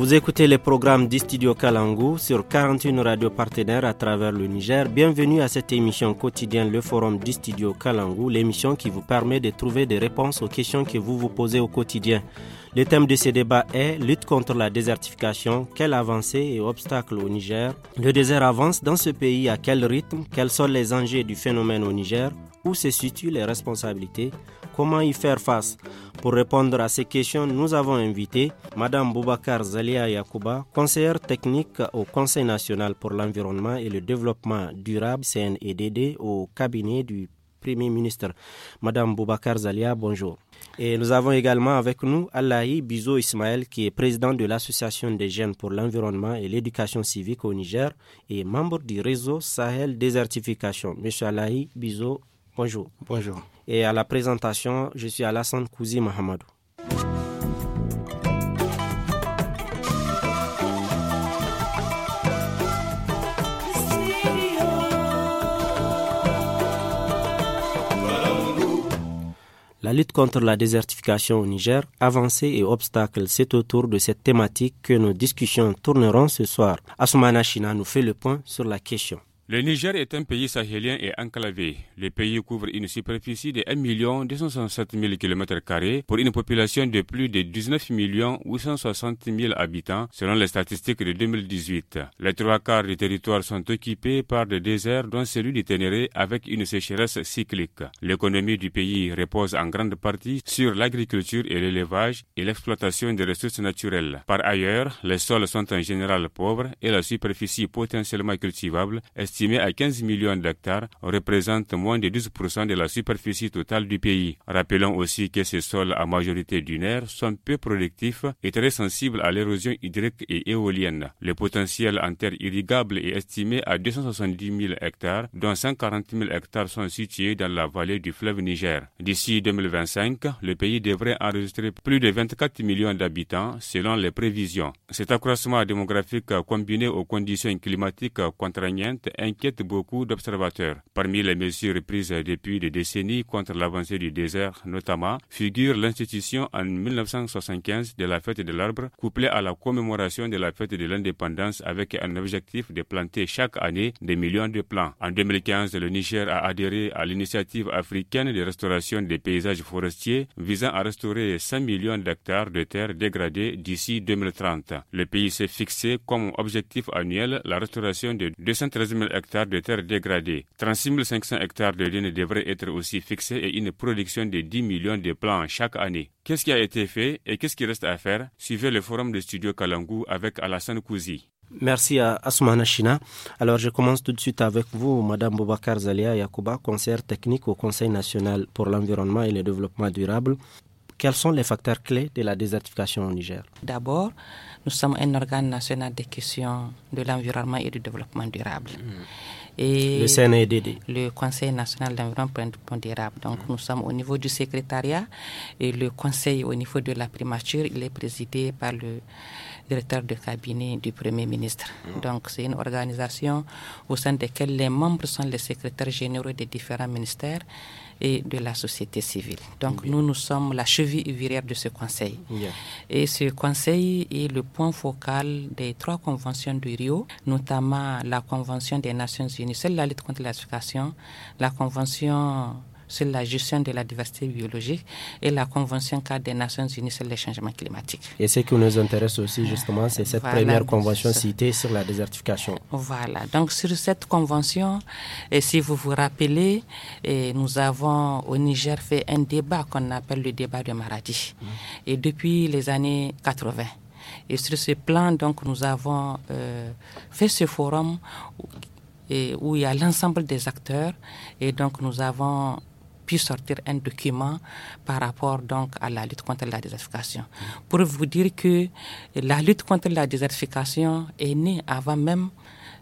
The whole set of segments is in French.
Vous écoutez le programme du studio Kalangu sur 41 radios partenaires à travers le Niger. Bienvenue à cette émission quotidienne, le forum du studio Kalangu, l'émission qui vous permet de trouver des réponses aux questions que vous vous posez au quotidien. Le thème de ce débat est Lutte contre la désertification, quelle avancée et obstacles au Niger Le désert avance dans ce pays à quel rythme Quels sont les enjeux du phénomène au Niger Où se situent les responsabilités Comment y faire face Pour répondre à ces questions, nous avons invité Mme Boubacar Zalia Yakuba, conseillère technique au Conseil national pour l'environnement et le développement durable CNEDD au cabinet du Premier ministre. Madame Boubacar Zalia, bonjour. Et nous avons également avec nous Allahi Bizo Ismaël, qui est président de l'Association des jeunes pour l'environnement et l'éducation civique au Niger et membre du réseau Sahel Désertification. Monsieur Allahi Bizo, Bonjour. Bonjour. Et à la présentation, je suis Alassane Kouzi Mahamadou. La lutte contre la désertification au Niger, avancées et obstacles, c'est autour de cette thématique que nos discussions tourneront ce soir. Asumana China nous fait le point sur la question. Le Niger est un pays sahélien et enclavé. Le pays couvre une superficie de 1 267 000 km2 pour une population de plus de 19 860 000 habitants selon les statistiques de 2018. Les trois quarts du territoire sont occupés par des déserts dont celui du Ténéré avec une sécheresse cyclique. L'économie du pays repose en grande partie sur l'agriculture et l'élevage et l'exploitation des ressources naturelles. Par ailleurs, les sols sont en général pauvres et la superficie potentiellement cultivable est estimé à 15 millions d'hectares, représente moins de 12% de la superficie totale du pays. Rappelons aussi que ces sols à majorité dunaires sont peu productifs et très sensibles à l'érosion hydrique et éolienne. Le potentiel en terre irrigable est estimé à 270 000 hectares, dont 140 000 hectares sont situés dans la vallée du fleuve Niger. D'ici 2025, le pays devrait enregistrer plus de 24 millions d'habitants selon les prévisions. Cet accroissement démographique combiné aux conditions climatiques contraignantes inquiète beaucoup d'observateurs. Parmi les mesures prises depuis des décennies contre l'avancée du désert, notamment, figure l'institution en 1975 de la fête de l'arbre, couplée à la commémoration de la fête de l'indépendance avec un objectif de planter chaque année des millions de plants. En 2015, le Niger a adhéré à l'initiative africaine de restauration des paysages forestiers visant à restaurer 5 millions d'hectares de terres dégradées d'ici 2030. Le pays s'est fixé comme objectif annuel la restauration de 213 000 hectares de terres dégradées. 36 500 hectares de lignes devraient être aussi fixés et une production de 10 millions de plants chaque année. Qu'est-ce qui a été fait et qu'est-ce qui reste à faire Suivez le forum de Studio Kalangu avec Alassane Kouzi. Merci à Asmana Shina. Alors, je commence tout de suite avec vous, Madame Boubacar Zalia Yakuba, conseillère technique au Conseil national pour l'environnement et le développement durable. Quels sont les facteurs clés de la désertification au Niger D'abord, nous sommes un organe national des questions de l'environnement et du développement durable. Hmm. Et le CNEDD. Le Conseil national d'environnement durable. Donc, hmm. nous sommes au niveau du secrétariat et le conseil au niveau de la primature, il est présidé par le directeur de cabinet du Premier ministre. Hmm. Donc, c'est une organisation au sein desquelles les membres sont les secrétaires généraux des différents ministères et de la société civile. Donc nous, nous sommes la cheville ouvrière de ce conseil. Et ce conseil est le point focal des trois conventions du Rio, notamment la Convention des Nations Unies sur la lutte contre la la Convention sur la gestion de la diversité biologique et la Convention cadre des Nations Unies sur les changements climatiques. Et ce qui nous intéresse aussi, justement, c'est cette première convention citée sur la désertification. Voilà. Donc, sur cette convention, et si vous vous rappelez, et nous avons au Niger fait un débat qu'on appelle le débat de Maradi. Et depuis les années 80. Et sur ce plan, donc, nous avons euh, fait ce forum où il y a l'ensemble des acteurs. Et donc, nous avons pu sortir un document par rapport donc à la lutte contre la désertification. Pour vous dire que la lutte contre la désertification est née avant même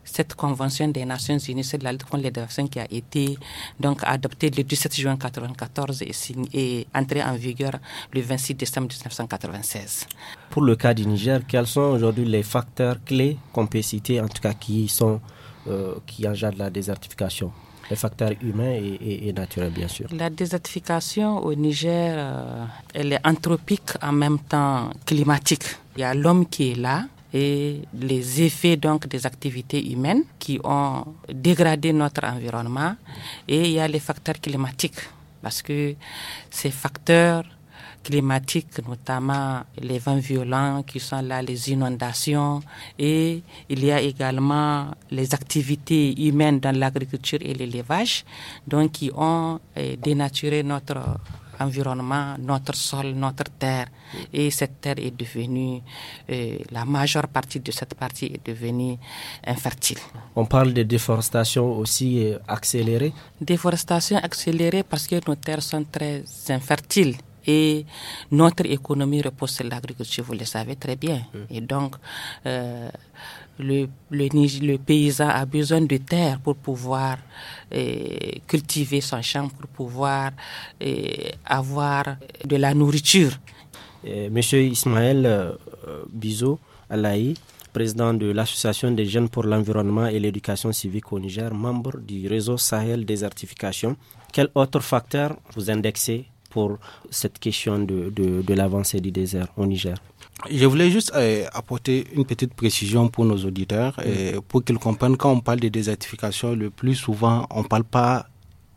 cette convention des Nations Unies sur la lutte contre les désertifications qui a été donc adoptée le 17 juin 1994 et, et entrée en vigueur le 26 décembre 1996. Pour le cas du Niger, quels sont aujourd'hui les facteurs clés qu'on en tout cas qui sont euh, qui engendrent la désertification les facteurs humains et, naturels, bien sûr. La désertification au Niger, euh, elle est anthropique en même temps climatique. Il y a l'homme qui est là et les effets donc des activités humaines qui ont dégradé notre environnement et il y a les facteurs climatiques parce que ces facteurs climatiques, notamment les vents violents qui sont là, les inondations, et il y a également les activités humaines dans l'agriculture et l'élevage, donc qui ont eh, dénaturé notre environnement, notre sol, notre terre. Et cette terre est devenue, eh, la majeure partie de cette partie est devenue infertile. On parle de déforestation aussi eh, accélérée Déforestation accélérée parce que nos terres sont très infertiles. Et notre économie repose sur l'agriculture, vous le savez très bien. Mm. Et donc, euh, le, paysan a besoin de terre pour pouvoir euh, cultiver son champ, pour pouvoir euh, avoir de la nourriture. Monsieur Ismaël Bizot Alaï, président de l'Association des jeunes pour l'environnement et l'éducation civique au Niger, membre du réseau Sahel Désertification, quel autre facteur vous indexez pour cette question de, de, l'avancée du désert au Niger. Je voulais juste euh, apporter une petite précision pour nos auditeurs euh, pour qu'ils comprennent quand on parle de désertification, le plus souvent on parle pas,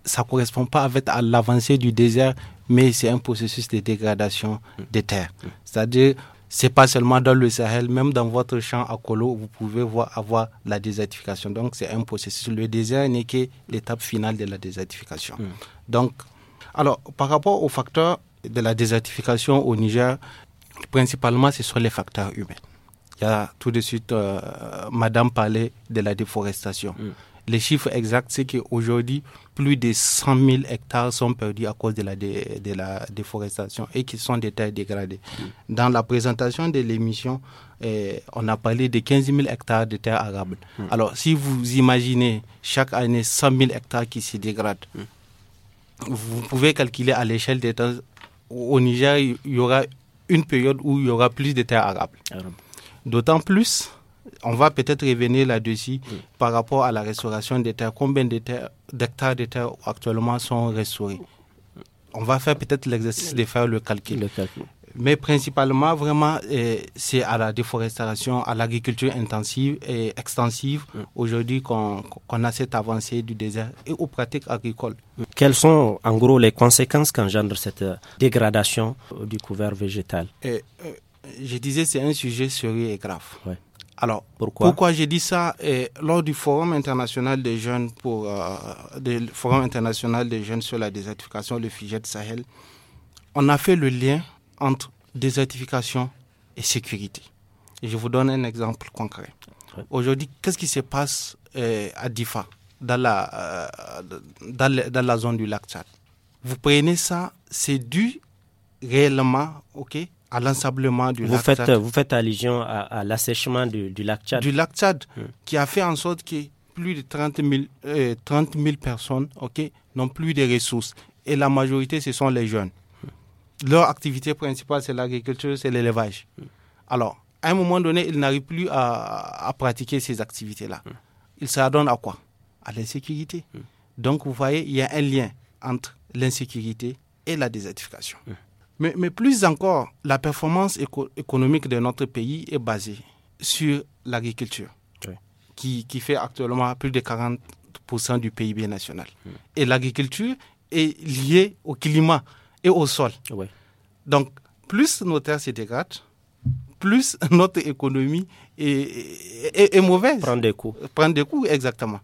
ça correspond pas avec à l'avancée du désert, mais c'est un processus de dégradation mm. des terres. Mm. C'est-à-dire c'est pas seulement dans le Sahel, même dans votre champ à colo, vous pouvez voir, avoir la désertification. Donc c'est un processus. Le désert n'est que l'étape finale de la désertification. Mm. Donc alors, par rapport aux facteurs de la désertification au Niger, principalement, ce sont les facteurs humains. Il y a tout de suite, euh, Madame parlait de la déforestation. Mm. Les chiffres exacts, c'est qu'aujourd'hui, plus de 100 000 hectares sont perdus à cause de la, de la déforestation et qui sont des terres dégradées. Mm. Dans la présentation de l'émission, eh, on a parlé de 15 000 hectares de terres arables. Mm. Alors, si vous imaginez chaque année 100 000 hectares qui se dégradent, vous pouvez calculer à l'échelle des terres. Au Niger, il y aura une période où il y aura plus de terres arables. D'autant plus, on va peut-être revenir là-dessus par rapport à la restauration des terres. Combien d'hectares de, de terres actuellement sont restaurés On va faire peut-être l'exercice de faire le calcul. le calcul mais principalement, vraiment, euh, c'est à la déforestation, à l'agriculture intensive et extensive mm. aujourd'hui qu'on a cette avancée du désert et aux pratiques agricoles. Mm. Quelles sont en gros les conséquences qu'engendre cette dégradation euh, du couvert végétal euh, Je disais, c'est un sujet sérieux et grave. Alors, pourquoi, pourquoi j'ai dit ça Lors du Forum international des jeunes pour Forum international des jeunes sur la désertification, le FIGET Sahel, on a fait le lien entre désertification et sécurité. je vous donne un exemple concret. Aujourd'hui, qu'est-ce qui se passe euh, à Difa, dans la, euh, dans, la zone du lac Tchad Vous prenez ça, c'est dû réellement ok, à l'ensablement du lac faites, Tchad. Vous faites allusion à, l'assèchement du, lac Tchad. Du lac Tchad, hmm. qui a fait en sorte que plus de 30 000, euh, personnes ok, n'ont plus de ressources. Et la majorité, ce sont les jeunes leur activité principale, c'est l'agriculture, c'est l'élevage. Alors, à un moment donné, ils n'arrivent plus à, à, pratiquer ces activités-là. Hmm. Ils s'adonnent à quoi À l'insécurité. Hmm. Donc, vous voyez, il y a un lien entre l'insécurité et la désertification. Hmm. Mais, mais, plus encore, la performance économique de notre pays est basée sur l'agriculture, qui, qui, fait actuellement plus de 40% du PIB national. Et l'agriculture est liée au climat et au sol. Donc, plus nos terres se dégradent, plus notre économie est, mauvaise. Prend des coups. Prend des coups, exactement.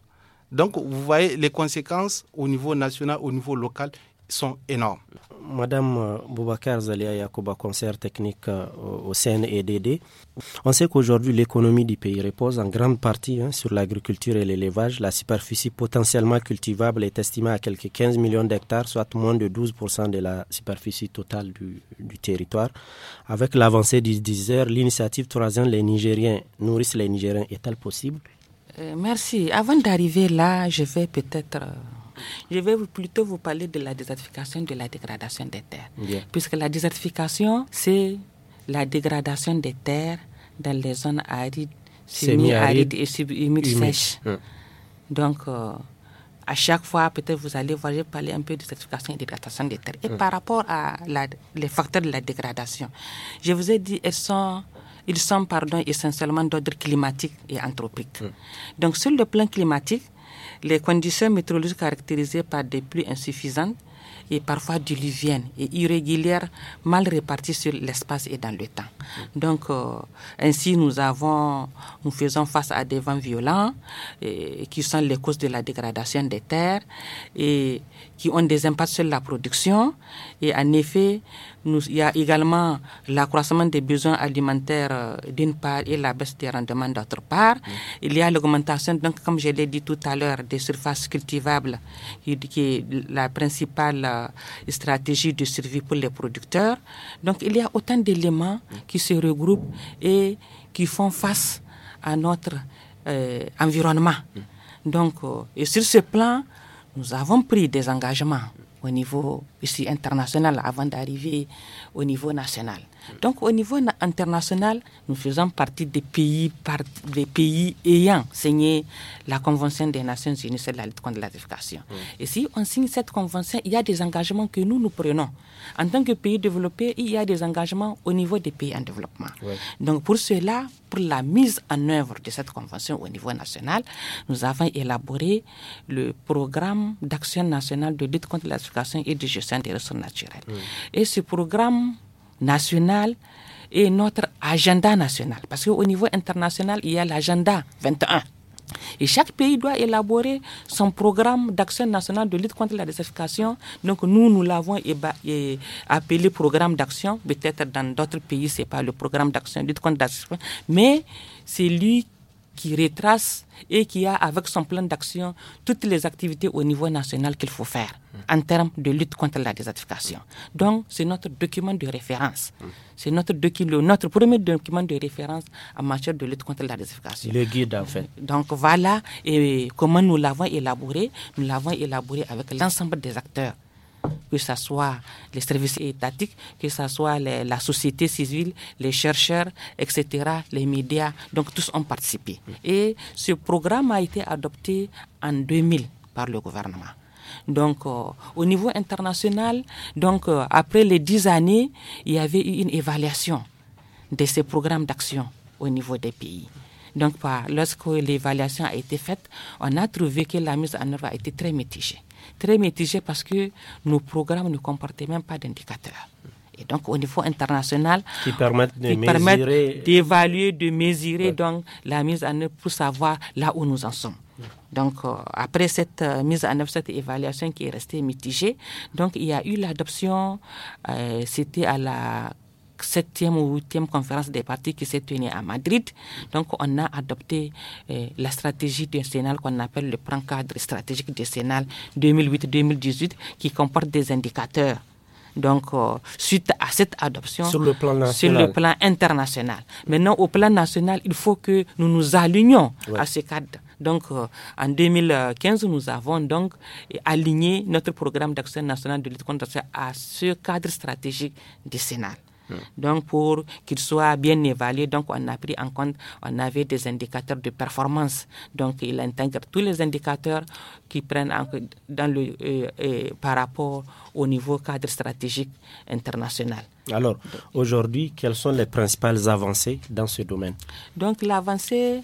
Donc, vous voyez, les conséquences au niveau national, au niveau local sont énormes. Madame euh, Boubacar Zalia Yakuba, concert technique euh, au CNEDD. On sait qu'aujourd'hui, l'économie du pays repose en grande partie hein, sur l'agriculture et l'élevage. La superficie potentiellement cultivable est estimée à quelques 15 millions d'hectares, soit moins de 12% de la superficie totale du, territoire. Avec l'avancée du désert, l'initiative 3 ans, les Nigériens nourrissent les Nigériens est-elle possible euh, Merci. Avant d'arriver là, je vais peut-être je vais plutôt vous parler de la désertification, de la dégradation des terres. Puisque la désertification, c'est la dégradation des terres dans les zones arides, semi-arides et humides sèches. Donc, euh, à chaque fois, peut-être vous allez voir, parler un peu de désertification et de dégradation des terres. Et par rapport à les facteurs de la dégradation, je vous ai dit, sont, ils sont pardon, essentiellement d'ordre climatique et anthropique. Donc, sur le plan climatique, les conditions météorologiques caractérisées par des pluies insuffisantes et parfois diluviennes et irrégulières, mal réparties sur l'espace et dans le temps. Donc, euh, ainsi, nous avons, nous faisons face à des vents violents et, euh, qui sont les causes de la dégradation des terres et qui ont des impacts sur la production. Et en effet, il y a également l'accroissement des besoins alimentaires euh, d'une part et la baisse des rendements d'autre part. Mm. Il y a l'augmentation, donc, comme je l'ai dit tout à l'heure, des surfaces cultivables, qui est la principale euh, stratégie de survie pour les producteurs. Donc, il y a autant d'éléments mm. qui se regroupent et qui font face à notre euh, environnement. Mm. Donc, et sur ce plan, nous avons pris des engagements au niveau ici international avant d'arriver au niveau national. Donc au niveau international, nous faisons partie des pays, par, des pays ayant signé la Convention des Nations Unies sur la lutte contre la défécation. Mm. Et si on signe cette convention, il y a des engagements que nous, nous prenons. En tant que pays développé, il y a des engagements au niveau des pays en développement. Donc pour cela, pour la mise en œuvre de cette convention au niveau national, nous avons élaboré le programme d'action nationale de lutte contre la défécation et de gestion des ressources naturelles. Mm. Et ce programme national et notre agenda national. Parce qu'au niveau international, il y a l'agenda 21. Et chaque pays doit élaborer son programme d'action nationale de lutte contre la désertification. Donc nous, nous l'avons appelé programme d'action. Peut-être dans d'autres pays, ce n'est pas le programme d'action, lutte contre la désertification. Mais c'est lui qui retrace et qui a avec son plan d'action toutes les activités au niveau national qu'il faut faire en termes de lutte contre la désertification. Donc, c'est notre document de référence. C'est notre, notre premier document de référence en matière de lutte contre la désertification. Le guide, en fait. Donc, voilà et comment nous l'avons élaboré. Nous l'avons élaboré avec l'ensemble des acteurs que ce soit les services étatiques, que ce soit la société civile, les chercheurs, etc., les médias. Donc tous ont participé. Et ce programme a été adopté en 2000 par le gouvernement. Donc, euh, au niveau international, donc euh, après les dix années, il y avait eu une évaluation de ces programmes d'action au niveau des pays. Donc, lorsque l'évaluation a été faite, on a trouvé que la mise en œuvre a été très mitigée. Très mitigée parce que nos programmes ne comportaient même pas d'indicateurs. Et donc, au niveau international, qui permettent d'évaluer, de, mesurer, la mise en œuvre pour savoir là où nous en sommes. Donc, euh, après cette euh, mise en œuvre, cette évaluation qui est restée mitigée, donc il y a eu l'adoption, euh, c'était à la septième ou huitième conférence des partis qui s'est tenue à Madrid. Donc, on a adopté euh, la stratégie du Sénat qu'on appelle le plan cadre stratégique du Sénat 2008-2018 qui comporte des indicateurs. Donc, euh, suite à cette adoption, sur le, plan international. Maintenant, au plan national, il faut que nous nous alignions à ce cadre. Donc, euh, en 2015, nous avons donc aligné notre programme d'action national de lutte contre à ce cadre stratégique du Sénat. Mm. Donc, pour qu'il soit bien évalué, donc on a pris en compte, on avait des indicateurs de performance. Donc, il intègre tous les indicateurs qui prennent en, dans le, euh, euh, par rapport au niveau cadre stratégique international. Alors, aujourd'hui, quelles sont les principales avancées dans ce domaine Donc, l'avancée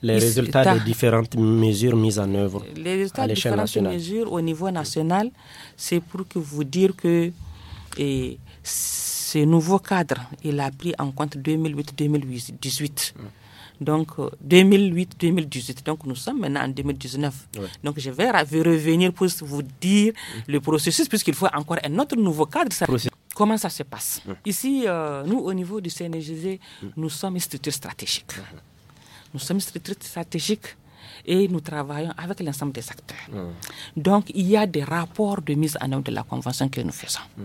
les résultats des différentes mesures mises en œuvre les résultats à différentes mesures au niveau national, c'est pour que vous dire que et, ce nouveau cadre, il a pris en compte 2008-2018. Donc, 2008-2018. Euh, Donc, nous sommes maintenant en 2019. Donc, je vais revenir pour vous dire mm. le processus, puisqu'il faut encore un autre nouveau cadre. Comment ça se passe Ici, euh, nous, au niveau du CNGZ, mm. nous sommes une structure stratégique. Nous sommes une structure stratégique et nous travaillons avec l'ensemble des acteurs. Donc, il y a des rapports de mise en œuvre de la Convention que nous faisons. Mm.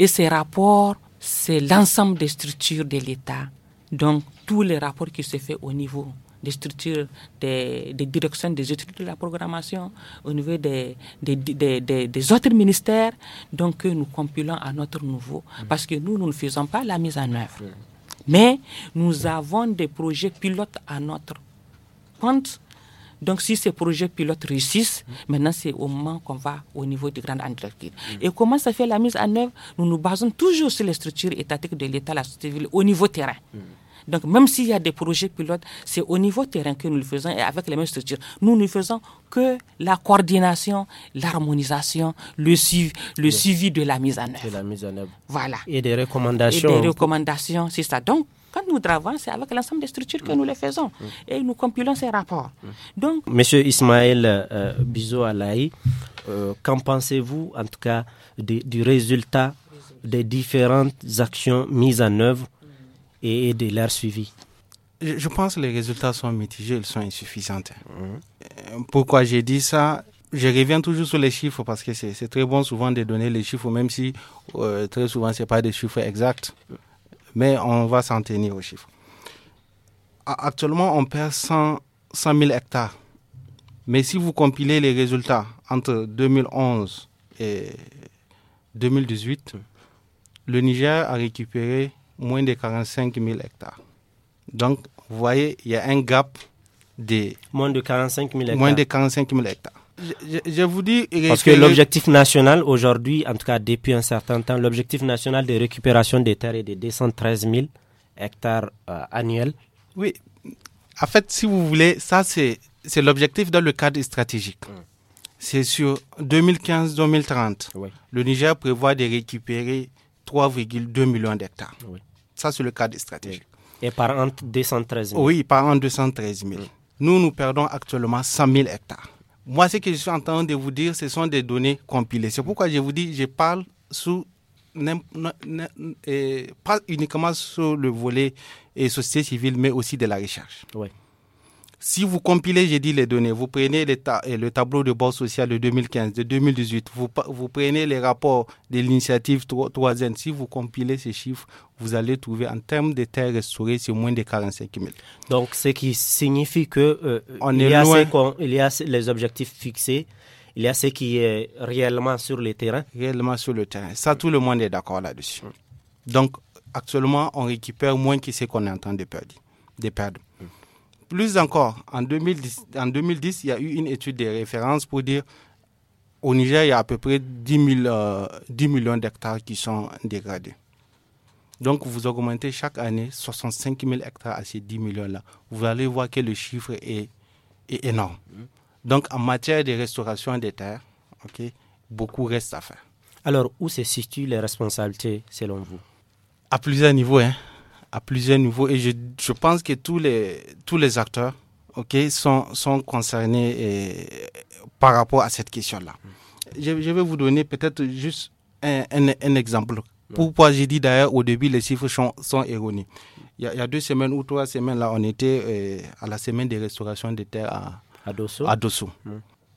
Et ces rapports c'est l'ensemble des structures de l'État. Donc, tous les rapports qui se font au niveau des structures, des, directions des études de la programmation, au niveau des, des, des, des autres ministères, donc que nous compilons à notre niveau. Mm. Parce que nous, nous ne faisons pas la mise en œuvre. Mm. Mais nous avons des projets pilotes à notre compte donc si ces projets pilotes réussissent, maintenant c'est au moment qu'on va au niveau des grandes entreprises. Mm. Et comment ça fait la mise en œuvre Nous nous basons toujours sur les structures étatiques de l'État, la société civile, au niveau terrain. Mm. Donc même s'il y a des projets pilotes, c'est au niveau terrain que nous le faisons et avec les mêmes structures. Nous ne faisons que la coordination, l'harmonisation, le, suivi, le suivi de la mise en œuvre. De la mise en œuvre. Voilà. Et des recommandations. Et des recommandations, c'est ça. Donc quand nous travaillons, c'est avec l'ensemble des structures que nous les faisons mm. et nous compilons ces rapports. Mm. Donc, Monsieur Ismaël euh, Bizo Alaï, euh, qu'en pensez-vous en tout cas du, résultat des différentes actions mises en œuvre et, de leur suivi je pense que les résultats sont mitigés, ils sont insuffisants. Mm. Euh, pourquoi j'ai dit ça Je reviens toujours sur les chiffres parce que c'est très bon souvent de donner les chiffres, même si euh, très souvent ce pas des chiffres exacts mais on va s'en tenir aux chiffres. Actuellement, on perd 100, 000 hectares. Mais si vous compilez les résultats entre 2011 et 2018, le Niger a récupéré moins de 45 000 hectares. Donc, vous voyez, il y a un gap de... Moins de Moins de 45 000 hectares je, vous dis. Parce que, l'objectif national aujourd'hui, en tout cas depuis un certain temps, l'objectif national de récupération des terres est de 213 000 hectares euh, annuels. Oui. En fait, si vous voulez, ça c'est l'objectif dans le cadre stratégique. Mm. C'est sur 2015-2030. Le Niger prévoit de récupérer 3,2 millions d'hectares. Ça c'est le cadre stratégique. Et par an 213 000. Oui, par an 213 000. Mm. Nous, nous perdons actuellement 100 000 hectares. Moi, ce que je suis en train de vous dire, ce sont des données compilées. C'est pourquoi je vous dis, je parle sous pas uniquement sur le volet et société civile, mais aussi de la recherche. Si vous compilez, j'ai dit les données, vous prenez eh, le tableau de bord social de 2015, de 2018, vous, vous prenez les rapports de l'initiative 3N, si vous compilez ces chiffres, vous allez trouver en termes de terres restaurées, c'est moins de 45 000. Donc, ce qui signifie que euh, y a il y a les objectifs fixés il y a ce qui est réellement sur le terrain. Réellement sur le terrain. Ça, tout le monde est d'accord là-dessus. Donc, actuellement, on récupère moins que ce qu'on est en train de perdre. De perdre. Plus encore, en 2010, il y a eu une étude de référence pour dire au Niger, il y a à peu près 10, euh, millions d'hectares qui sont dégradés. Donc, vous augmentez chaque année 65 000 hectares à ces 10 millions-là. Vous allez voir que le chiffre est, énorme. Donc, en matière de restauration des terres, beaucoup reste à faire. Alors, où se situent les responsabilités selon vous À plusieurs niveaux. Hein à plusieurs niveaux et je, je, pense que tous les, tous les acteurs ok, sont, sont concernés par rapport à cette question-là. Je, vais vous donner peut-être juste un, un, exemple. Pourquoi j'ai dit d'ailleurs au début les chiffres sont, sont erronés. Il y, a, deux semaines ou trois semaines, là, on était euh, à la semaine des restaurations des terres à, à Dosso. À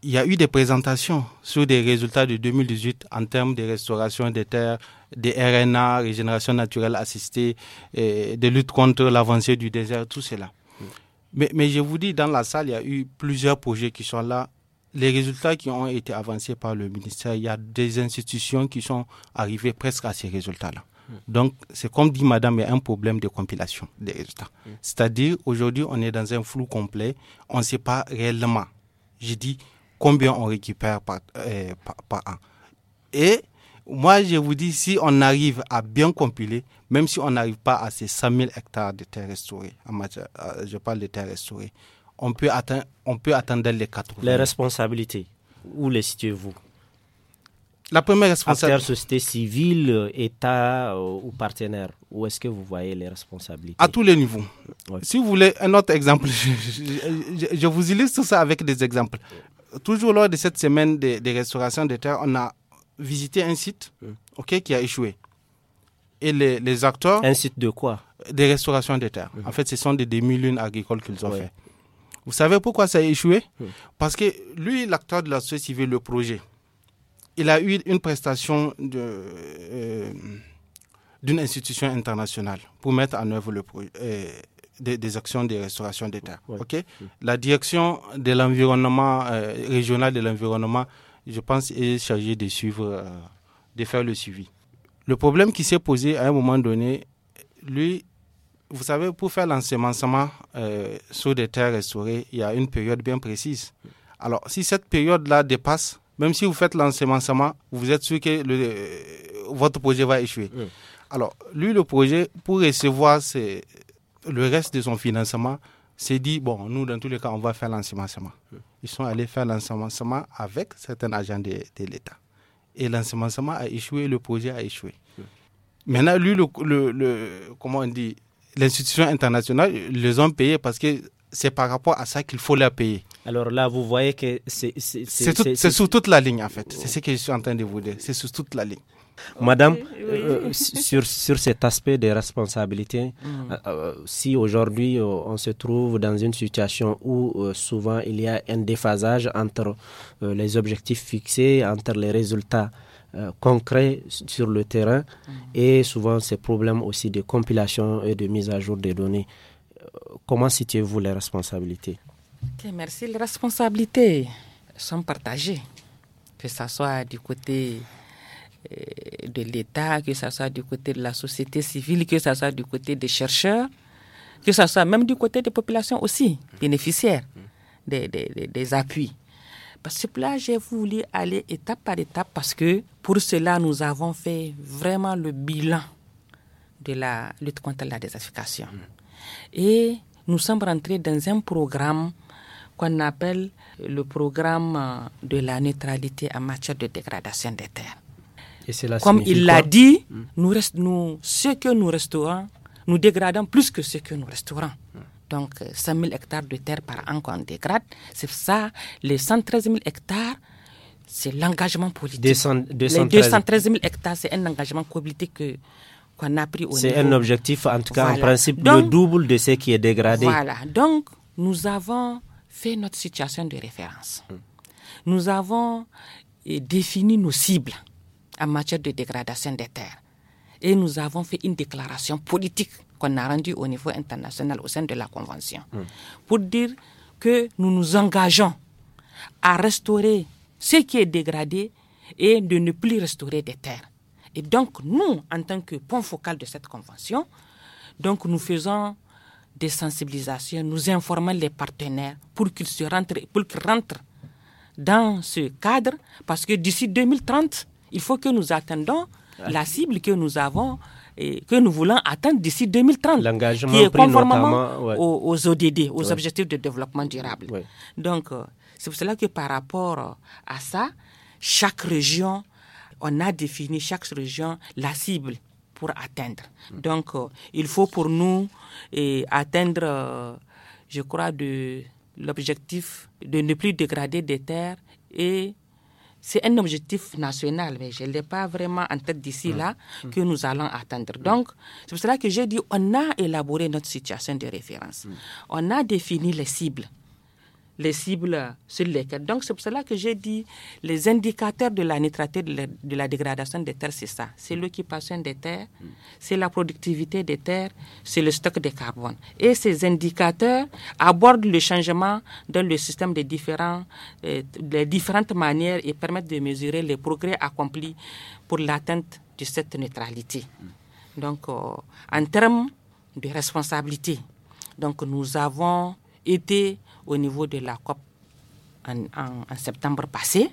Il y a eu des présentations sur des résultats de 2018 en termes de restauration des terres, des RNA, régénération naturelle assistée, des de lutte contre l'avancée du désert, tout cela. Mais, je vous dis, dans la salle, il y a eu plusieurs projets qui sont là. Les résultats qui ont été avancés par le ministère, il y a des institutions qui sont arrivées presque à ces résultats-là. Donc, c'est comme dit madame, il y a un problème de compilation des résultats. C'est-à-dire, aujourd'hui, on est dans un flou complet. On ne sait pas réellement, je dis, combien on récupère par, euh, par an. Et moi, je vous dis, si on arrive à bien compiler, même si on n'arrive pas à ces 5000 hectares de terres restaurées, euh, je parle de terres restaurées, on peut atteindre, on peut atteindre les 80. Les responsabilités, où les situez-vous La première responsabilité. société civile, État euh, ou partenaire, où est-ce que vous voyez les responsabilités À tous les niveaux. Si vous voulez un autre exemple, je, vous illustre ça avec des exemples toujours lors de cette semaine de restauration de terres, on a visiter un site hein. ok, qui a échoué. Et les, acteurs... Un site de quoi Des restaurations des hein. terres. En fait, ce sont des demi-lunes agricoles qu'ils ont fait. Vous savez pourquoi ça a échoué hein. Parce que lui, l'acteur de la société civile, le projet, il a eu une prestation euh, d'une institution internationale pour mettre en œuvre le euh, des, actions de restauration des terres. La direction de l'environnement euh, régional de l'environnement je pense, est chargé de suivre, euh, de faire le suivi. Le problème qui s'est posé à un moment donné, lui, vous savez, pour faire l'ensemencement euh, sur des terres restaurées, il y a une période bien précise. Alors, si cette période-là dépasse, même si vous faites l'ensemencement, vous êtes sûr que euh, votre projet va échouer. Alors, lui, le projet, pour recevoir le reste de son financement, c'est dit, bon, nous, dans tous les cas, on va faire l'ensemencement. Ils sont allés faire l'ensemencement avec certains agents de, l'État. Et l'ensemencement a échoué, le projet a échoué. Maintenant, lui, le, le, le comment on dit, l'institution internationale les ont payés parce que c'est par rapport à ça qu'il faut la payer. Alors là, vous voyez que c'est... C'est sur toute la ligne, en fait. C'est ce que je suis en train de vous dire. C'est sur toute la ligne. Madame, euh, euh, sur, cet aspect des responsabilités, mm. euh, si aujourd'hui on se trouve dans une situation où souvent il y a un déphasage entre les objectifs fixés, entre les résultats concrets sur le terrain mm. et souvent ces problèmes aussi de compilation et de mise à jour des données, comment situez-vous les responsabilités Merci. Les responsabilités sont partagées, que ce soit du côté euh, de l'État, que ce soit du côté de la société civile, que ce soit du côté des chercheurs, que ce soit même du côté des populations aussi, bénéficiaires des, des, des appuis. Parce que là, j'ai voulu aller étape par étape parce que pour cela, nous avons fait vraiment le bilan de la lutte contre la désaffectation. Et nous sommes rentrés dans un programme qu'on appelle le programme de la neutralité en matière de dégradation des terres. Comme il l'a dit, mm. nous nous, ce que nous restaurons, nous dégradons plus que ce que nous restaurons. Donc 5 euh, 000 hectares de terre par an qu'on dégrade, c'est ça. Les 113 000 hectares, c'est l'engagement politique. 213. Les 213 000 hectares, c'est un engagement politique qu'on a pris au C'est un objectif, en tout cas, en principe, de le double de ce qui est dégradé. Voilà. Donc, nous avons fait notre situation de référence. Mm. Nous avons euh, défini nos cibles en matière de dégradation des terres. Et nous avons fait une déclaration politique qu'on a rendue au niveau international au sein de la Convention hmm. pour dire que nous nous engageons à restaurer ce qui est dégradé et de ne plus restaurer des terres. Et donc, nous, en tant que point focal de cette convention, donc nous faisons des sensibilisations, nous informons les partenaires pour qu'ils se rentrent, pour qu'ils rentrent dans ce cadre, parce que d'ici 2030, il faut que nous attendions la cible que nous avons et que nous voulons atteindre d'ici 2030, qui est conformément aux, ODD, aux objectifs de développement durable. Donc, euh, c'est pour cela que par rapport euh, à ça, chaque région, on a défini chaque région la cible pour atteindre. Mm. Donc, euh, il faut pour nous atteindre, je crois, de l'objectif de ne plus dégrader des terres et c'est un objectif national, mais je ne l'ai pas vraiment en tête d'ici mm. là mm. que nous allons atteindre. Mm. Donc, c'est pour cela que j'ai dit on a élaboré notre situation de référence. On a défini les cibles les cibles sur lesquelles. Donc c'est pour cela que j'ai dit les indicateurs de la nitraté de la, dégradation des terres, c'est ça. C'est l'occupation des terres, c'est la productivité des terres, c'est le stock de carbone. Et ces indicateurs abordent le changement dans le système des différents, euh, différentes manières et permettent de mesurer les progrès accomplis pour l'atteinte de cette neutralité. Donc euh, en termes de responsabilité, donc nous avons été au niveau de la COP en, septembre passé.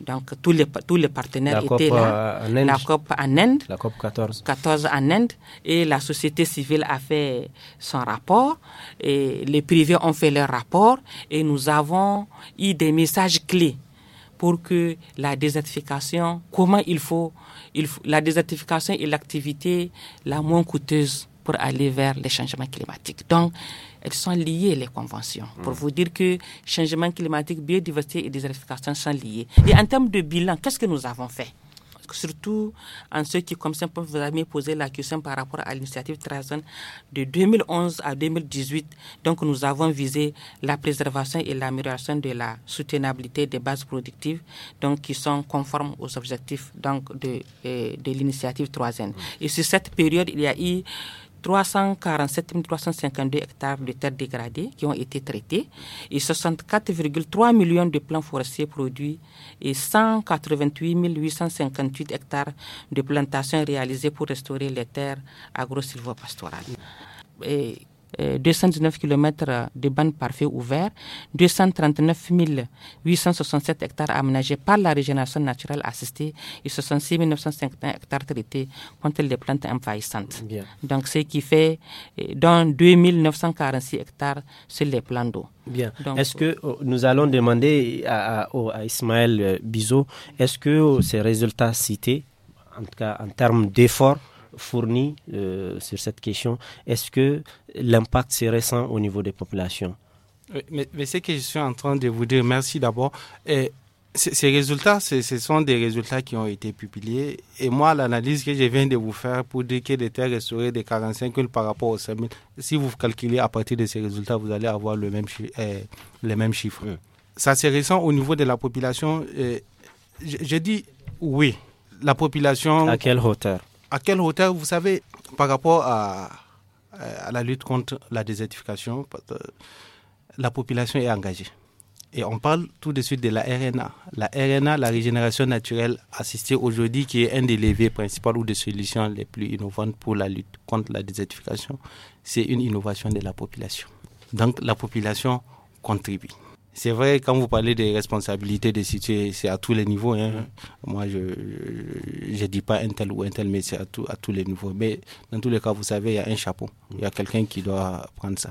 Donc tous les, tous les partenaires étaient là. la COP en Inde. La COP 14. 14 en Inde. Et la société civile a fait son rapport. Et les privés ont fait leur rapport. Et nous avons eu des messages clés pour que la désertification, comment il faut, il faut la désertification est l'activité la moins coûteuse pour aller vers les changements climatiques. Donc, elles sont liées, les conventions. Pour vous dire que changement climatique, biodiversité et désertification sont liées. Et en termes de bilan, qu'est-ce que nous avons fait Surtout en ce qui comme concerne, vous avez posé la question par rapport à l'initiative 3N de 2011 à 2018. Donc, nous avons visé la préservation et l'amélioration de la soutenabilité des bases productives, donc qui sont conformes aux objectifs donc, de, euh, de l'initiative n Et sur cette période, il y a eu 347 352 hectares de terres dégradées qui ont été traitées et 64,3 millions de plants forestiers produits et 188 858 hectares de plantations réalisées pour restaurer les terres agro-silvopastorales. 219 euh, km de bandes parfait ouvertes, 239 867 hectares aménagés par la régénération naturelle assistée et 66 950 hectares traités contre les plantes envahissantes. Donc, ce qui fait euh, dans 2946 hectares sur les plans d'eau. Bien. Est-ce que oh, nous allons demander à, Ismaël euh, Bizot, est-ce que oh, ces résultats cités, en tout cas en termes d'efforts, fourni euh, sur cette question, est-ce que l'impact c'est récent au niveau des populations mais, ce que je suis en train de vous dire, merci d'abord. ces résultats, ce sont des résultats qui ont été publiés. Et moi, l'analyse que je viens de vous faire pour dire que les terres restaurées de 45 000 par rapport aux 5 si vous calculez à partir de ces résultats, vous allez avoir le même eh, les mêmes chiffres. Ça, c'est récent au niveau de la population. je dis oui, la population. À quelle hauteur à quelle hauteur, vous savez, par rapport à, à la lutte contre la désertification, la population est engagée. Et on parle tout de suite de la RNA. La RNA, la régénération naturelle assistée aujourd'hui, qui est un des leviers principaux ou des solutions les plus innovantes pour la lutte contre la désertification, c'est une innovation de la population. Donc la population contribue c'est vrai, quand vous parlez des responsabilités des situer, c'est à tous les niveaux. Hein. Mm-hmm. Moi, je ne dis pas un tel ou un tel, mais c'est à, tout, à tous les niveaux. Mais dans tous les cas, vous savez, il y a un chapeau. Il y a quelqu'un qui doit prendre ça.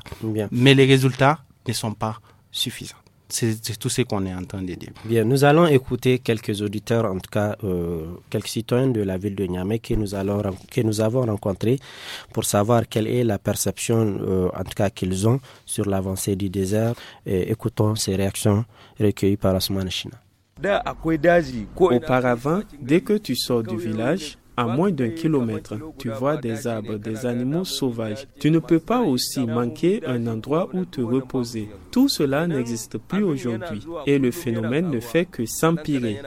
Mais les résultats ne sont pas suffisants. C'est tout ce qu'on est en train de dire. Bien, nous allons écouter quelques auditeurs, en tout cas euh, quelques citoyens de la ville de Niamey que nous, avons rencontrés pour savoir quelle est la perception, euh, en tout cas, qu'ils ont sur l'avancée du désert. Et écoutons ces réactions recueillies par Ousmane China. Auparavant, dès que tu sors du village, à moins d'un kilomètre, tu vois des arbres, des animaux sauvages. Tu ne peux pas aussi manquer un endroit où te reposer. Tout cela n'existe plus aujourd'hui et le phénomène ne fait que s'empirer.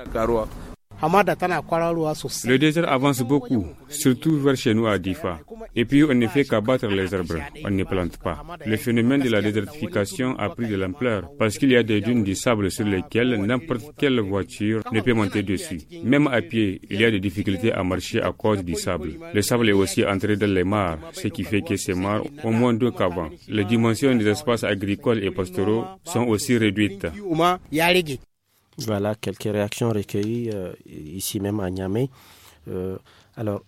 Le désert avance beaucoup, surtout vers chez nous à Difa. Et puis on ne fait qu'abattre les arbres, on ne plante pas. Le phénomène de la désertification a pris de l'ampleur parce qu'il y a des dunes de sable sur lesquelles n'importe quelle voiture ne peut monter dessus. Même à pied, il y a des difficultés à marcher à cause du sable. Le sable est aussi entré dans les mares, ce qui fait que ces mares ont moins d'eau qu'avant. Les dimensions des espaces agricoles et pastoraux sont aussi réduites. Voilà quelques réactions recueillies euh, ici même à Niamey. Euh, alors,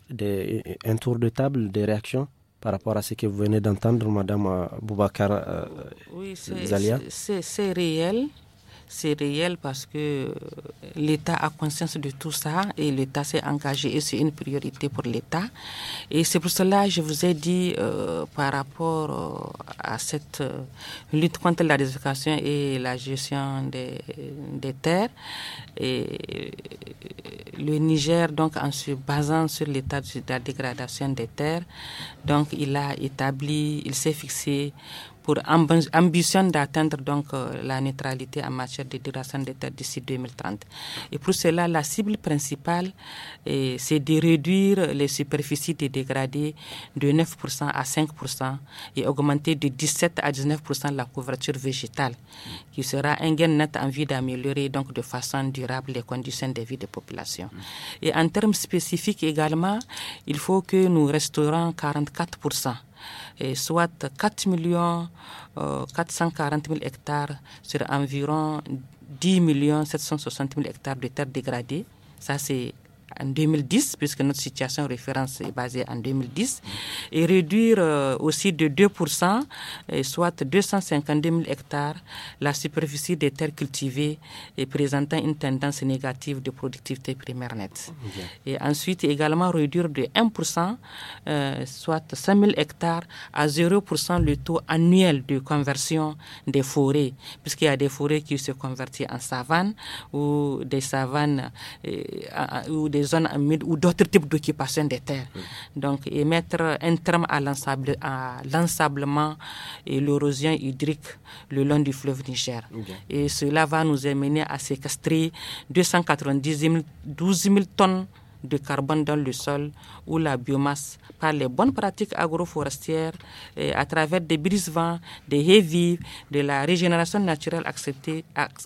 un tour de table des réactions par rapport à ce que vous venez d'entendre, Madame euh, Boubacar euh, oui, C'est réel c'est réel parce que euh, l'État a conscience de tout ça et l'État s'est engagé et c'est une priorité pour l'État. Et c'est pour cela que je vous ai dit euh, par rapport euh, à cette lutte contre la désertification et la gestion des, des, terres. Et le Niger, donc en se basant sur l'état de la dégradation des terres, donc il a établi, il s'est fixé pour ambition d'atteindre donc euh, la neutralité en matière de dégradation des terres d'ici 2030. Et pour cela, la cible principale, c'est de réduire les superficies dégradées de 9% à 5% et augmenter de 17 à 19% la couverture végétale, qui sera un gain net en vue d'améliorer donc de façon durable les conditions de vie des populations. Et en termes spécifiques également, il faut que nous restaurons 44% et soit 4 millions 440 euh, 000 hectares sur environ 10 millions 760 000 hectares de terres dégradées. Ça, c'est en 2010, puisque notre situation référence est basée en 2010, et réduire euh, aussi de 2%, soit 252 000 hectares, la superficie des terres cultivées et présentant une tendance négative de productivité primaire nette. Et ensuite, également réduire de 1%, euh, soit 5 000 hectares, à 0% le taux annuel de conversion des forêts, puisqu'il y a des forêts qui se convertissent en savane ou des savanes euh, ou des zones humides ou d'autres types d'occupation des terres. Mm. Donc, émettre mettre un terme à l'ensablement et l'érosion hydrique le long du fleuve Niger. Et cela va nous amener à séquestrer 290 000, 12 000 tonnes de carbone dans le sol ou la biomasse par les bonnes pratiques agroforestières à travers des brises-vents, des haies vives, de la régénération naturelle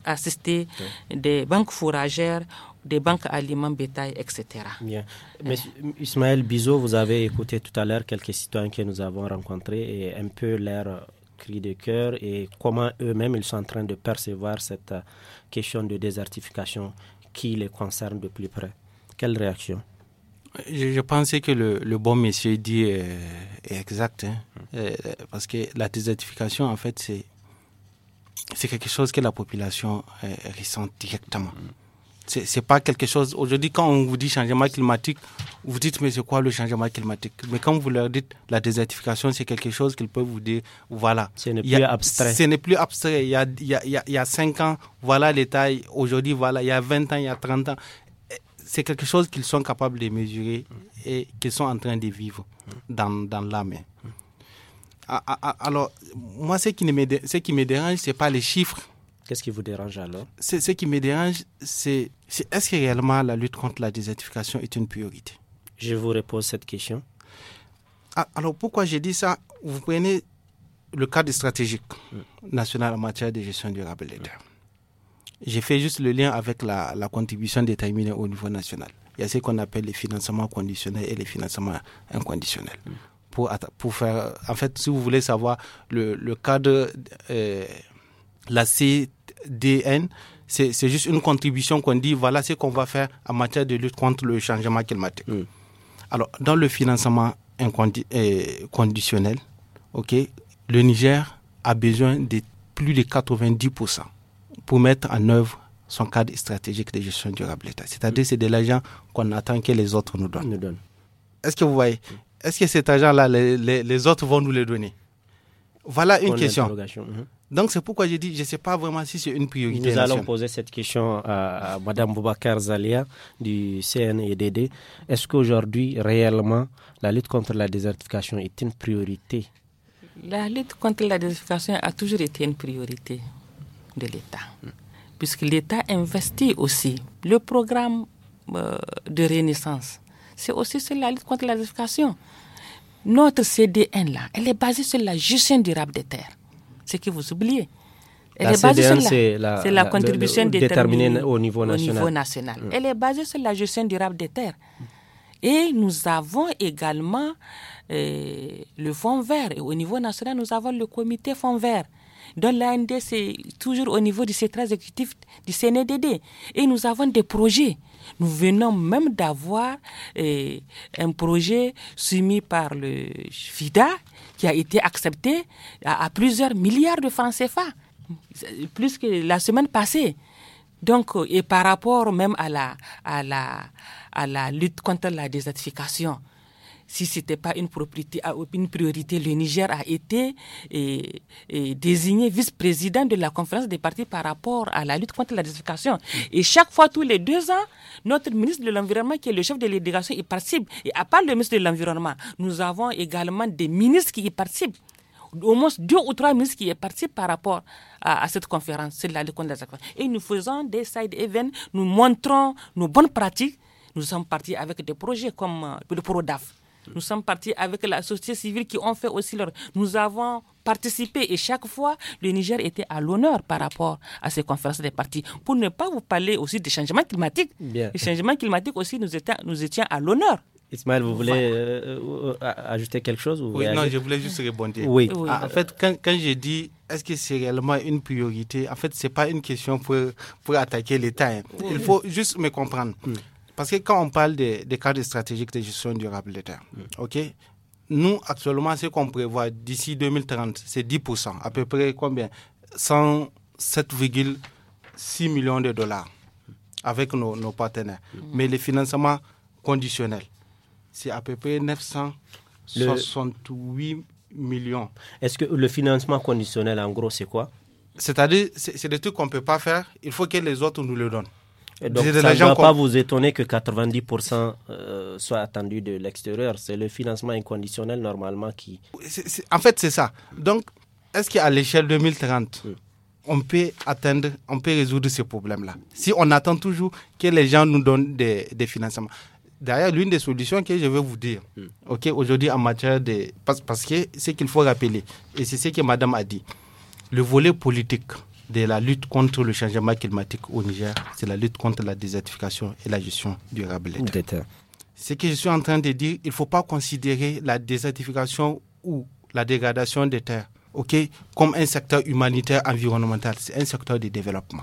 assistée, des banques fourragères des banques aliments bétail, etc. Bien. Monsieur Ismaël Bizot, vous avez écouté tout à l'heure quelques citoyens que nous avons rencontrés et un peu leur cri de cœur et comment eux-mêmes ils sont en train de percevoir cette euh, question de désertification qui les concerne de plus près. Quelle réaction je, pensais que le, bon monsieur dit euh, est, exact. Hein. Hmm. Euh, parce que la désertification, en fait, c'est, c'est quelque chose que la population ressent directement. Hmm c'est pas quelque chose. Aujourd'hui, quand on vous dit changement climatique, vous dites mais c'est quoi le changement climatique Mais quand vous leur dites la désertification, c'est quelque chose qu'ils peuvent vous dire voilà. Ce n'est plus abstrait. Ce n'est plus abstrait. Il y a, il y a, il y a 5 ans, voilà l'État. Aujourd'hui, voilà. Il y a 20 ans, il y a 30 ans. C'est quelque chose qu'ils sont capables de mesurer et qu'ils sont en train de vivre dans, dans l'âme. Ah, ah, ah, alors, moi, ce qui me, ce qui me dérange, ce n'est pas les chiffres Qu'est-ce qui vous dérange alors Ce qui me dérange, c'est est, ce que réellement la lutte contre la désertification est une priorité Je vous repose cette question. Ah, alors pourquoi j'ai dit ça Vous prenez le cadre stratégique mm. national en matière de gestion durable des terres. J'ai fait juste le lien avec la, contribution déterminée au niveau national. Il y a ce qu'on appelle les financements conditionnels et les financements inconditionnels. Mm. Pour, pour faire, en fait, si vous voulez savoir le, cadre, euh, la C DN, c'est juste une contribution qu'on dit, voilà ce qu'on va faire en matière de lutte contre le changement climatique. Mm. Alors, dans le financement euh, conditionnel, ok, le Niger a besoin de plus de 90% pour mettre en œuvre son cadre stratégique de gestion durable C'est-à-dire mm. c'est de l'argent qu'on attend que les autres nous donnent. Est-ce que vous voyez Est-ce que cet argent-là, les, les, autres vont nous le donner Voilà une question. Donc c'est pourquoi je dis, je ne sais pas vraiment si c'est une priorité. Nous allons poser cette question à, Madame Boubacar Zalia du CNEDD. Est-ce qu'aujourd'hui, réellement, la lutte contre la désertification est une priorité La lutte contre la désertification a toujours été une priorité de l'État, puisque l'État investit aussi. Le programme euh, de renaissance, c'est aussi sur la lutte contre la désertification. Notre CDN, là, elle est basée sur la gestion durable des terres ce que vous oubliez. Elle la la, la, contribution déterminée, au niveau national. Mm. Elle est basée sur la gestion durable des terres. Et nous avons également euh, le fonds vert. Et au niveau national, nous avons le comité fonds vert dans l'AND, c'est toujours au niveau du secteur exécutif du CNDD. Et nous avons des projets. Nous venons même d'avoir eh, un projet soumis par le FIDA qui a été accepté à, plusieurs milliards de francs CFA, plus que la semaine passée. Donc, euh, et par rapport même à la lutte contre la désertification, si ce n'était pas une, priorité, le Niger a été eh, eh, désigné vice-président de la conférence des partis par rapport à la lutte contre la désertification. Et chaque fois, tous les deux ans, notre ministre de l'Environnement, qui est le chef de l'éducation, y participe. Et à part le ministre de l'Environnement, nous avons également des ministres qui y participent au moins deux ou trois ministres qui y participent par rapport à, cette conférence, c'est la contre la Et nous faisons des side events, nous montrons nos bonnes pratiques. Nous sommes partis avec des projets comme euh, le ProDAF, nous sommes partis avec la société civile qui ont fait aussi leur. Nous avons participé et chaque fois, le Niger était à l'honneur par rapport à ces conférences des partis. Pour ne pas vous parler aussi des changements climatiques, les changements climatiques aussi nous étions, nous étions à l'honneur. Ismaël, vous voulez euh, euh, euh, ajouter quelque chose Oui, non, je voulais juste rebondir. Oui. oui. Ah, en fait, quand, quand j'ai dit est-ce que c'est réellement une priorité, en fait, ce n'est pas une question pour, pour attaquer l'État. Hein. Il faut juste me comprendre. Hmm. Parce que quand on parle des, cas cadres stratégiques de gestion durable de terres, mm. OK nous, actuellement, ce qu'on prévoit d'ici 2030, c'est 10%, à peu près combien 107,6 millions de dollars avec nos, partenaires. Mm. Mais le financement conditionnel, c'est à peu près 968 millions. Est-ce que le financement conditionnel, en gros, c'est quoi C'est-à-dire, c'est des trucs qu'on ne peut pas faire, il faut que les autres nous le donnent donc, ça ne va pas vous étonner que 90% soit attendu de l'extérieur. C'est le financement inconditionnel normalement qui. en fait, c'est ça. Donc, est-ce qu'à l'échelle 2030, hmm. on peut atteindre, on peut résoudre ce problème là Si on attend toujours que les gens nous donnent des, des financements. D'ailleurs, l'une des solutions que je vais vous dire, hmm. ok, aujourd'hui en matière de. Parce, parce que c'est qu'il faut rappeler, et c'est ce que madame a dit, le volet politique de la lutte contre le changement climatique au Niger, c'est la lutte contre la désertification et la gestion durable des terres. Ce que je suis en train de dire, il ne faut pas considérer la désertification ou la dégradation des terres ok, comme un secteur humanitaire environnemental, c'est un secteur de développement.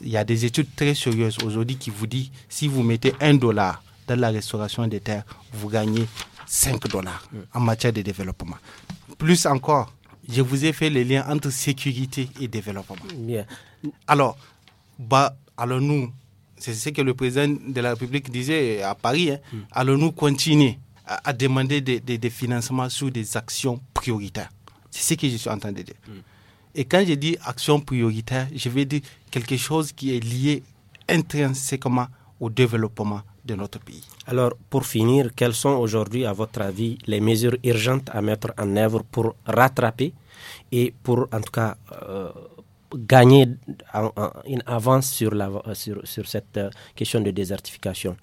Il y a des études très sérieuses aujourd'hui qui vous disent si vous mettez un dollar dans la restauration des terres, vous gagnez 5 dollars en matière de développement. Plus encore, je vous ai fait le lien entre sécurité et développement. Alors, bah, alors nous, c'est ce que le président de la République disait à Paris, hein, hmm. allons nous continuer à, demander des, financements sur des actions prioritaires. C'est ce que je suis en train de dire. Hmm. Et quand je dis actions prioritaires, je veux dire quelque chose qui est lié intrinsèquement au développement de notre pays. Alors, pour finir, quelles sont aujourd'hui, à votre avis, les mesures urgentes à mettre en œuvre pour rattraper et pour, en tout cas, euh, gagner une avance sur, euh, sur, cette euh, question de désertification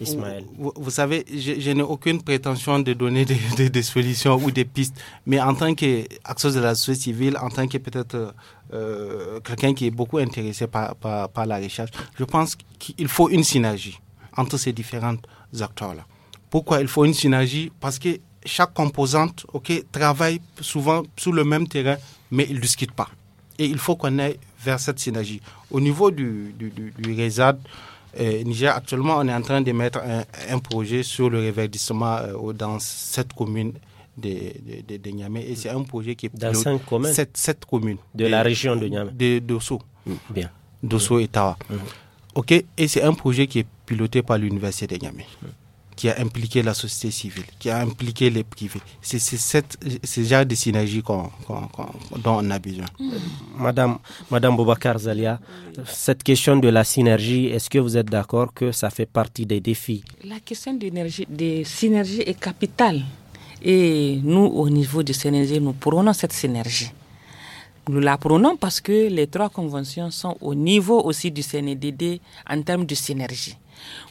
Ismaël. Vous, savez, je, n'ai aucune prétention de donner des, solutions ou des pistes, mais en tant qu'acteur de la société civile, en tant que peut-être quelqu'un qui est beaucoup intéressé par, par la recherche, je pense qu'il faut une synergie entre ces différents acteurs-là. Pourquoi il faut une synergie Parce que chaque composante ok, travaille souvent sur le même terrain, mais ils ne discutent pas. Et il faut qu'on aille vers cette synergie. Au niveau du, du, du, euh, Niger, actuellement, on est en train de mettre un, projet sur le réverdissement euh, dans cette commune de, de, de, Niamey. Et c'est un projet qui est dans cinq communes, sept, communes de la région de Niamey, de Dosso, bien, Dosso et Tawa. Mhm. Ok, et c'est un projet qui est piloté par l'Université de Niamey, qui a impliqué la société civile, qui a impliqué les privés. C'est ce genre de synergie dont on a besoin. Mm. Madame, Madame Boubacar Zalia, cette question de la synergie, est-ce que vous êtes d'accord que ça fait partie des défis La question de synergie est capitale. Et nous, au niveau de synergie, nous prenons cette synergie. Nous l'apprenons parce que les trois conventions sont au niveau aussi du CNDD en termes de synergie.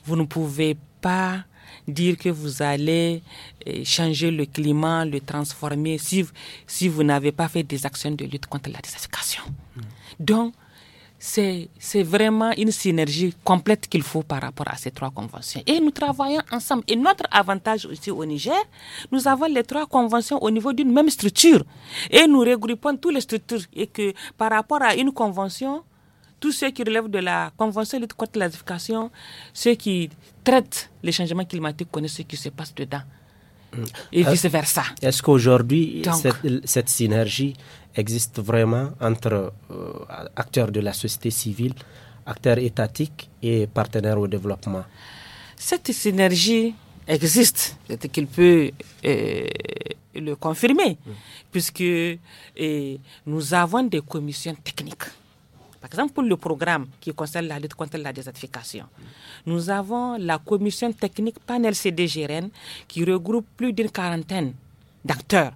Vous ne pouvez pas dire que vous allez euh, changer le climat, le transformer si, si vous n'avez pas fait des actions de lutte contre la désertification. Mm. Donc, c'est vraiment une synergie complète qu'il faut par rapport à ces trois conventions. Et nous travaillons ensemble. Et notre avantage aussi au Niger, nous avons les trois conventions au niveau d'une même structure. Et nous regroupons toutes les structures. Et que par rapport à une convention, tous ceux qui relèvent de la Convention de lutte contre la ceux qui traitent les changements climatiques connaissent ce qui se passe dedans. Et vice-versa. Est-ce qu'aujourd'hui, cette, cette, synergie existe vraiment entre euh, acteurs de la société civile, acteurs étatiques et partenaires au développement Cette synergie existe, c'est qu'il peut euh, le confirmer, mm. puisque nous avons des commissions techniques par exemple, pour le programme qui concerne la lutte contre la désertification, nous avons la commission technique panel CDGRN qui regroupe plus d'une quarantaine d'acteurs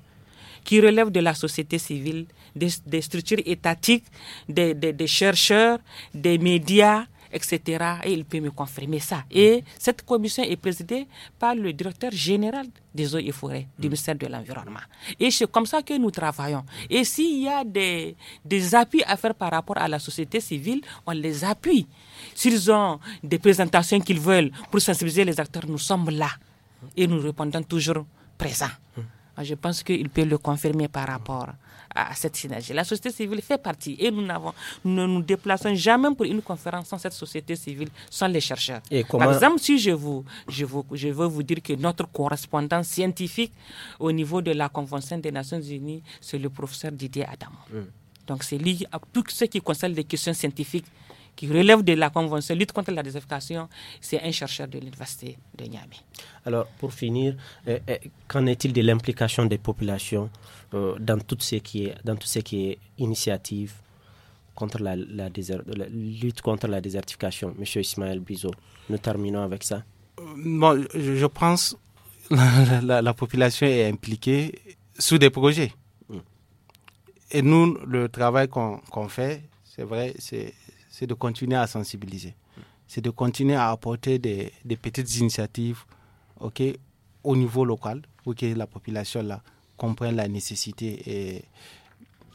qui relèvent de la société civile, des, structures étatiques, des chercheurs, des médias, etc. Et il peut me confirmer ça. Et cette commission est présidée par le directeur général des eaux et forêts du mm. ministère de l'Environnement. Et c'est comme ça que nous travaillons. Et s'il y a des, des appuis à faire par rapport à la société civile, on les appuie. S'ils ont des présentations qu'ils veulent pour sensibiliser les acteurs, nous sommes là. Et nous répondons toujours présents. Mm. Je pense qu'il peut le confirmer par rapport à, cette synergie. La société civile fait partie et nous n'avons, ne nous déplaçons jamais pour une conférence sans cette société civile, sans les chercheurs. Par exemple, si je vous, je vous, je veux vous dire que notre correspondant scientifique au niveau de la Convention des Nations Unies, c'est le professeur Didier Adam. Hmm. Donc c'est lié à tout ce qui concerne les questions scientifiques qui relève de la Convention lutte contre la désertification, c'est un chercheur de l'Université de Niamey. Alors, pour finir, euh, euh, qu'en est-il de l'implication des populations euh, dans, tout ce qui est, dans tout ce qui est initiative contre la, lutte contre la désertification Monsieur Ismaël Bizot, nous terminons avec ça. Bon, je, pense la, la, population est impliquée sous des projets. Mm. Et nous, le travail qu'on fait, c'est vrai, c'est c'est de continuer à sensibiliser. C'est de continuer à apporter des, petites initiatives au niveau local pour que la population là, comprenne la nécessité et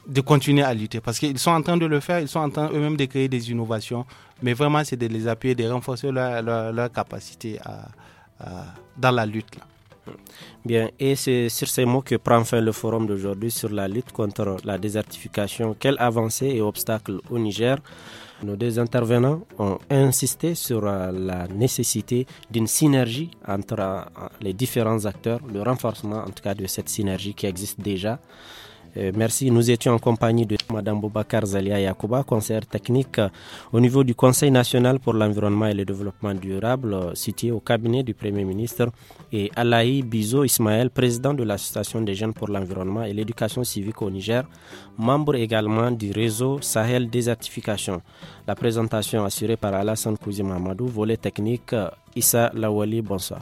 de continuer à lutter. Parce qu'ils sont en train de le faire, ils sont en train eux-mêmes de créer des innovations, mais vraiment c'est de les appuyer, de renforcer leur, capacité dans la lutte. Bien, et c'est sur ces mots que prend fin le forum d'aujourd'hui sur la lutte contre la désertification. Quelles avancées et obstacles au Niger nos deux intervenants ont insisté sur euh, la nécessité d'une synergie entre euh, les différents acteurs, le renforcement en tout cas de cette synergie qui existe déjà euh, merci. Nous étions en compagnie de Madame Boubacar Zalia Yakuba, conseillère technique euh, au niveau du Conseil national pour l'environnement et le développement durable, euh, situé au cabinet du Premier ministre, et Alaï Bizo Ismaël, président de l'Association des jeunes pour l'environnement et l'éducation civique au Niger, membre également du réseau Sahel Désertification. La présentation assurée par Alassane Kouzima Mamadou, volet technique, Issa Lawali, bonsoir.